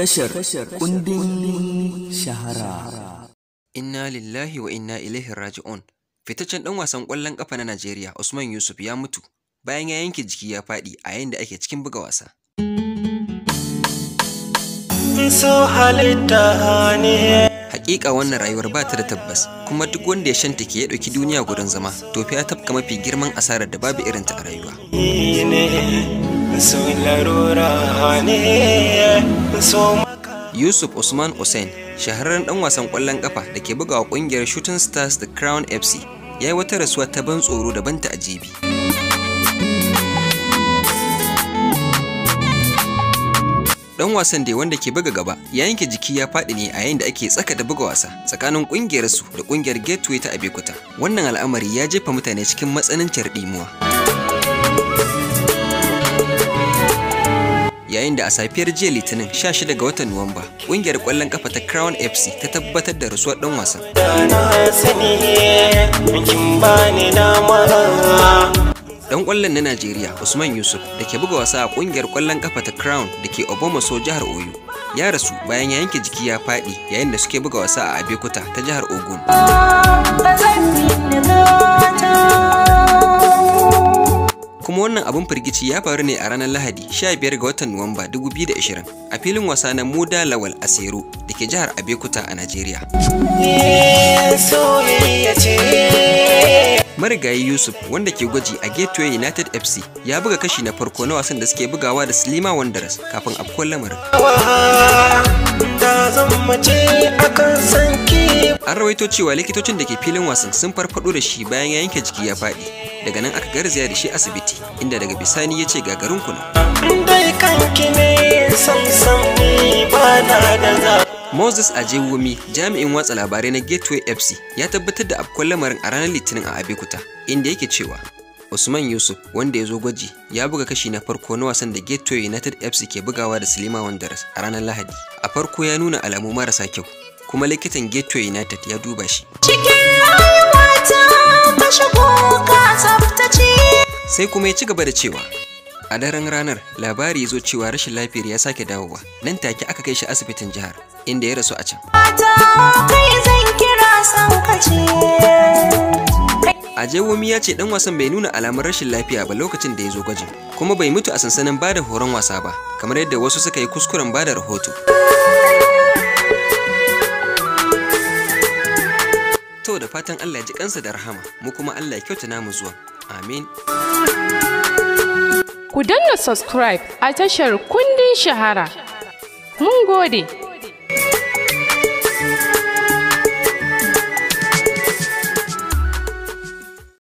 tashar kundin shahara. Inna lillahi wa inna ilaihi raji'un. Fitaccen ɗan wasan ƙwallon ƙafa na Najeriya Usman Yusuf ya mutu bayan ya yanke jiki ya faɗi a yayin da ake cikin buga wasa. Hakika wannan rayuwar ba ta da tabbas kuma duk wanda ya shanta ke ya ɗauki duniya gurin zama to fiya tafka mafi girman asarar da babu irinta a rayuwa. Yusuf Usman Hussein shahararren dan wasan kwallon ƙafa da ke bugawa ƙungiyar Shooting Stars da Crown FC ya yi wata rasuwa ta ban tsoro daban ta ajibi. Dan wasan da wanda ke buga gaba ya yanke jiki ya faɗi ne a yayin da ake tsaka da buga wasa tsakanin kungiyar su da ƙungiyar Gateway ta Abeokuta. Wannan al'amari ya jefa mutane cikin matsanancin rimuwa. yayin da a safiyar jiya litinin 16 ga watan nuwamba ƙungiyar ƙwallon kafa ta crown fc ta tabbatar da rasuwar ɗan wasan dan kwallon na Najeriya Usman Yusuf da ke buga wasa a kungiyar kwallon kafa ta Crown da ke Obomaso jihar Oyo ya rasu bayan ya yanke jiki ya fadi yayin da suke buga wasa a Abeokuta ta jihar Ogun. Wannan abun firgici ya faru ne a ranar Lahadi 15 ga watan Nuwamba 2020 a filin wasa na Muda Lawal Asero da ke jihar Abeokuta a Najeriya. Marigayi Yusuf wanda ke gwaji a Gateway United FC ya buga kashi na farko na wasan da suke bugawa da Slima Wanderers kafin a afkuwar lamarin. rawaito cewa likitocin da ke filin wasan sun farfado da shi bayan ya yanke jiki ya faɗi daga nan aka garzaya da shi asibiti inda daga bisani ya ce gagarin kuna Moses Ajewumi jami'in watsa labarai na Gateway FC ya tabbatar da afkuwar lamarin a ranar Litinin a abikuta inda yake cewa Usman Yusuf wanda ya zo gwaji ya buga kashi na farko na wasan da Gateway United FC ke bugawa da Silima Wanderers a ranar Lahadi. A farko ya nuna alamu marasa kyau kuma likitan Gateway United ya duba shi. Sai kuma ya ci gaba da cewa a daren ranar labari ya zo cewa rashin lafiyar ya sake dawowa nan take aka kai shi asibitin jihar inda ya rasu a can. Ajewomi ya ce dan wasan bai nuna alamar rashin lafiya ba lokacin da ya zo gwajin kuma bai mutu a sansanin bada horon wasa ba kamar yadda wasu suka yi kuskuren bada rahoto. to da fatan Allah ji kansa da rahama mu kuma Allah ya kyauta namu zuwa amin ku danna subscribe a tashar kundin shahara mun gode